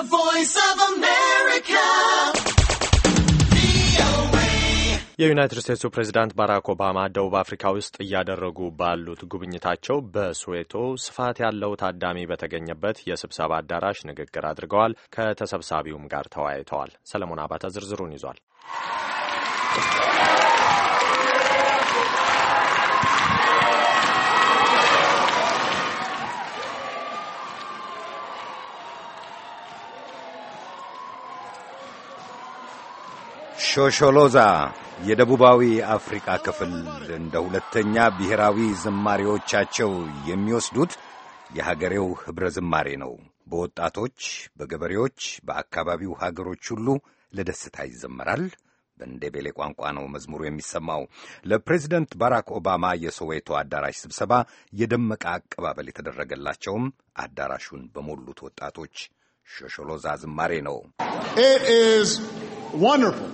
The Voice of America. የዩናይትድ ስቴትሱ ፕሬዚዳንት ባራክ ኦባማ ደቡብ አፍሪካ ውስጥ እያደረጉ ባሉት ጉብኝታቸው በሶዌቶ ስፋት ያለው ታዳሚ በተገኘበት የስብሰባ አዳራሽ ንግግር አድርገዋል። ከተሰብሳቢውም ጋር ተወያይተዋል። ሰለሞን አባተ ዝርዝሩን ይዟል። ሾሾሎዛ የደቡባዊ አፍሪካ ክፍል እንደ ሁለተኛ ብሔራዊ ዝማሬዎቻቸው የሚወስዱት የሀገሬው ኅብረ ዝማሬ ነው። በወጣቶች፣ በገበሬዎች፣ በአካባቢው ሀገሮች ሁሉ ለደስታ ይዘመራል። በእንዴቤሌ ቋንቋ ነው መዝሙሩ የሚሰማው። ለፕሬዚደንት ባራክ ኦባማ የሶዌቶ አዳራሽ ስብሰባ የደመቀ አቀባበል የተደረገላቸውም አዳራሹን በሞሉት ወጣቶች ሾሾሎዛ ዝማሬ ነው። ኢት ኢዝ wonderful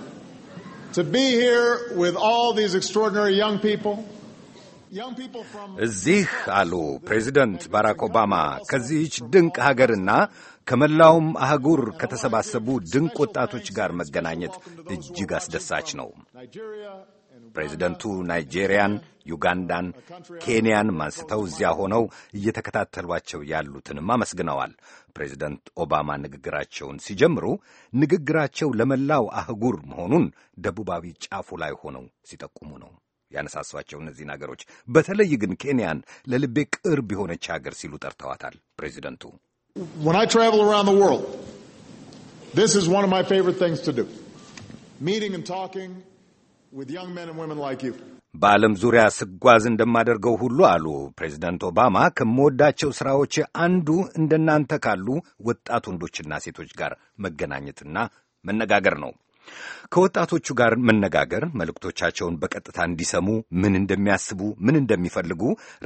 እዚህ አሉ ፕሬዚደንት ባራክ ኦባማ ከዚህች ድንቅ ሀገርና ከመላውም አህጉር ከተሰባሰቡ ድንቅ ወጣቶች ጋር መገናኘት እጅግ አስደሳች ነው። ፕሬዚደንቱ ናይጄሪያን፣ ዩጋንዳን፣ ኬንያን ማንስተው እዚያ ሆነው እየተከታተሏቸው ያሉትንም አመስግነዋል። ፕሬዚደንት ኦባማ ንግግራቸውን ሲጀምሩ ንግግራቸው ለመላው አህጉር መሆኑን ደቡባዊ ጫፉ ላይ ሆነው ሲጠቁሙ ነው ያነሳሷቸው እነዚህን አገሮች በተለይ ግን ኬንያን ለልቤ ቅርብ የሆነች ሀገር ሲሉ ጠርተዋታል ፕሬዚደንቱ። በዓለም ዙሪያ ስጓዝ እንደማደርገው ሁሉ አሉ ፕሬዚደንት ኦባማ። ከምወዳቸው ሥራዎች አንዱ እንደናንተ ካሉ ወጣት ወንዶችና ሴቶች ጋር መገናኘትና መነጋገር ነው። ከወጣቶቹ ጋር መነጋገር፣ መልእክቶቻቸውን በቀጥታ እንዲሰሙ፣ ምን እንደሚያስቡ፣ ምን እንደሚፈልጉ፣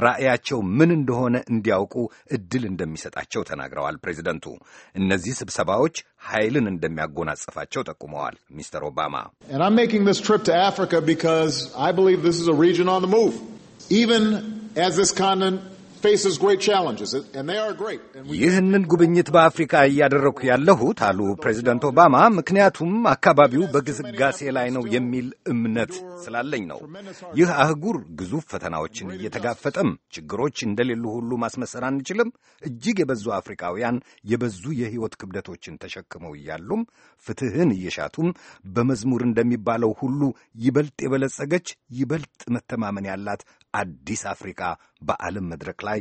ራዕያቸው ምን እንደሆነ እንዲያውቁ እድል እንደሚሰጣቸው ተናግረዋል ፕሬዚደንቱ። እነዚህ ስብሰባዎች ኃይልን እንደሚያጎናጽፋቸው ጠቁመዋል ሚስተር ኦባማ። ይህንን ጉብኝት በአፍሪካ እያደረግኩ ያለሁት አሉ ፕሬዚደንት ኦባማ፣ ምክንያቱም አካባቢው በግስጋሴ ላይ ነው የሚል እምነት ስላለኝ ነው። ይህ አህጉር ግዙፍ ፈተናዎችን እየተጋፈጠም ችግሮች እንደሌሉ ሁሉ ማስመሰል አንችልም። እጅግ የበዙ አፍሪካውያን የበዙ የሕይወት ክብደቶችን ተሸክመው እያሉም ፍትህን እየሻቱም በመዝሙር እንደሚባለው ሁሉ ይበልጥ የበለጸገች ይበልጥ መተማመን ያላት አዲስ አፍሪካ በዓለም መድረክ ላይ ላይ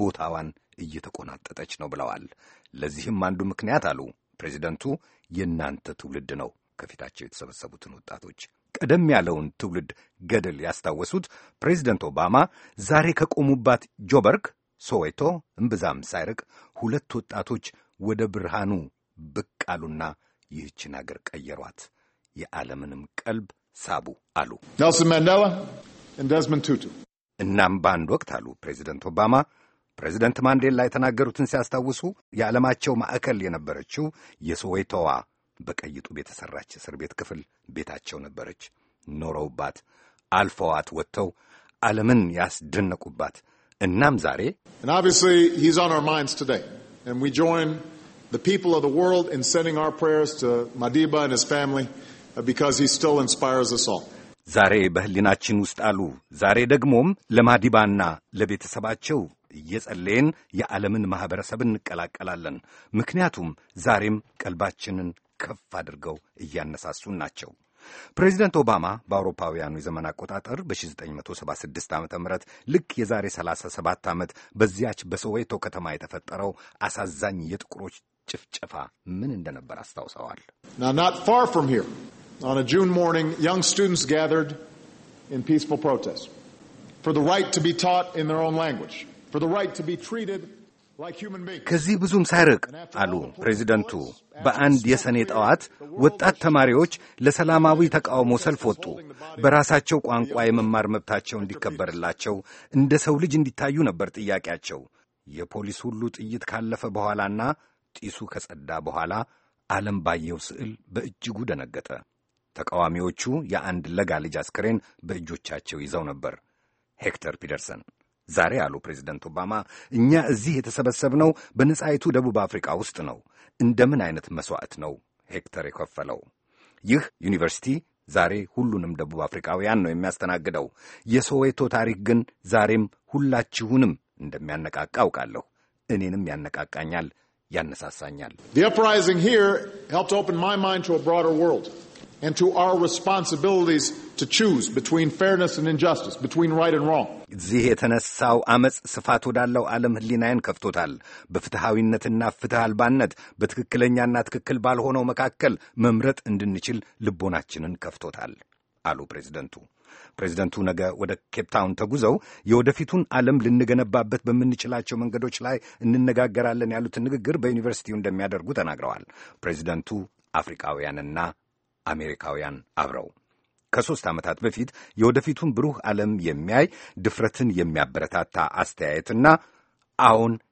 ቦታዋን እየተቆናጠጠች ነው ብለዋል። ለዚህም አንዱ ምክንያት አሉ ፕሬዚደንቱ የእናንተ ትውልድ ነው ከፊታቸው የተሰበሰቡትን ወጣቶች ቀደም ያለውን ትውልድ ገድል ያስታወሱት ፕሬዚደንት ኦባማ ዛሬ ከቆሙባት ጆበርግ ሶዌቶ እምብዛም ሳይርቅ ሁለት ወጣቶች ወደ ብርሃኑ ብቅ አሉና ይህችን አገር ቀየሯት፣ የዓለምንም ቀልብ ሳቡ አሉ ኔልሰን ማንዴላ እና ደዝመንድ ቱቱ እናም በአንድ ወቅት አሉ ፕሬዚደንት ኦባማ ፕሬዚደንት ማንዴላ የተናገሩትን ሲያስታውሱ የዓለማቸው ማዕከል የነበረችው የሶዌቶዋ በቀይጡ ጡብ የተሠራች እስር ቤት ክፍል ቤታቸው ነበረች። ኖረውባት፣ አልፈዋት፣ ወጥተው ዓለምን ያስደነቁባት። እናም ዛሬ ስ ዛሬ በህሊናችን ውስጥ አሉ። ዛሬ ደግሞም ለማዲባና ለቤተሰባቸው እየጸለየን የዓለምን ማኅበረሰብ እንቀላቀላለን። ምክንያቱም ዛሬም ቀልባችንን ከፍ አድርገው እያነሳሱን ናቸው። ፕሬዚደንት ኦባማ በአውሮፓውያኑ የዘመን አቆጣጠር በ1976 ዓ ም ልክ የዛሬ 37 ዓመት በዚያች በሶዌቶ ከተማ የተፈጠረው አሳዛኝ የጥቁሮች ጭፍጨፋ ምን እንደነበር አስታውሰዋል። on a June morning, young students gathered in peaceful protest for the right to be taught in their own language, for the right to be treated like human beings. ከዚህ ብዙም ሳይርቅ አሉ ፕሬዚደንቱ። በአንድ የሰኔ ጠዋት ወጣት ተማሪዎች ለሰላማዊ ተቃውሞ ሰልፍ ወጡ። በራሳቸው ቋንቋ የመማር መብታቸው እንዲከበርላቸው፣ እንደ ሰው ልጅ እንዲታዩ ነበር ጥያቄያቸው። የፖሊስ ሁሉ ጥይት ካለፈ በኋላና ጢሱ ከጸዳ በኋላ ዓለም ባየው ስዕል በእጅጉ ደነገጠ። ተቃዋሚዎቹ የአንድ ለጋ ልጅ አስከሬን በእጆቻቸው ይዘው ነበር። ሄክተር ፒደርሰን ዛሬ አሉ ፕሬዚደንት ኦባማ፣ እኛ እዚህ የተሰበሰብነው በነጻይቱ ደቡብ አፍሪካ ውስጥ ነው። እንደምን አይነት መሥዋዕት ነው ሄክተር የከፈለው? ይህ ዩኒቨርሲቲ ዛሬ ሁሉንም ደቡብ አፍሪካውያን ነው የሚያስተናግደው። የሶዌቶ ታሪክ ግን ዛሬም ሁላችሁንም እንደሚያነቃቃ አውቃለሁ። እኔንም ያነቃቃኛል፣ ያነሳሳኛል። and to our responsibilities to choose between fairness and injustice, between right and wrong. እዚህ የተነሳው አመፅ ስፋት ወዳለው ዓለም ህሊናዬን ከፍቶታል። በፍትሐዊነትና ፍትህ አልባነት፣ በትክክለኛና ትክክል ባልሆነው መካከል መምረጥ እንድንችል ልቦናችንን ከፍቶታል አሉ ፕሬዚደንቱ። ፕሬዚደንቱ ነገ ወደ ኬፕታውን ተጉዘው የወደፊቱን ዓለም ልንገነባበት በምንችላቸው መንገዶች ላይ እንነጋገራለን ያሉትን ንግግር በዩኒቨርሲቲው እንደሚያደርጉ ተናግረዋል። ፕሬዚደንቱ አፍሪካውያንና አሜሪካውያን አብረው ከሦስት ዓመታት በፊት የወደፊቱን ብሩህ ዓለም የሚያይ ድፍረትን የሚያበረታታ አስተያየትና አሁን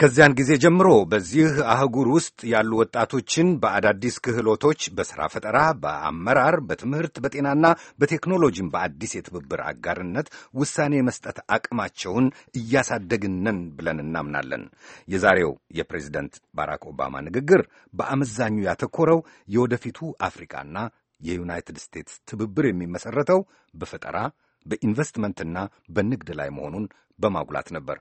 ከዚያን ጊዜ ጀምሮ በዚህ አህጉር ውስጥ ያሉ ወጣቶችን በአዳዲስ ክህሎቶች፣ በሥራ ፈጠራ፣ በአመራር፣ በትምህርት፣ በጤናና በቴክኖሎጂም በአዲስ የትብብር አጋርነት ውሳኔ የመስጠት አቅማቸውን እያሳደግንን ብለን እናምናለን። የዛሬው የፕሬዚደንት ባራክ ኦባማ ንግግር በአመዛኙ ያተኮረው የወደፊቱ አፍሪካና የዩናይትድ ስቴትስ ትብብር የሚመሠረተው በፈጠራ በኢንቨስትመንትና በንግድ ላይ መሆኑን በማጉላት ነበር።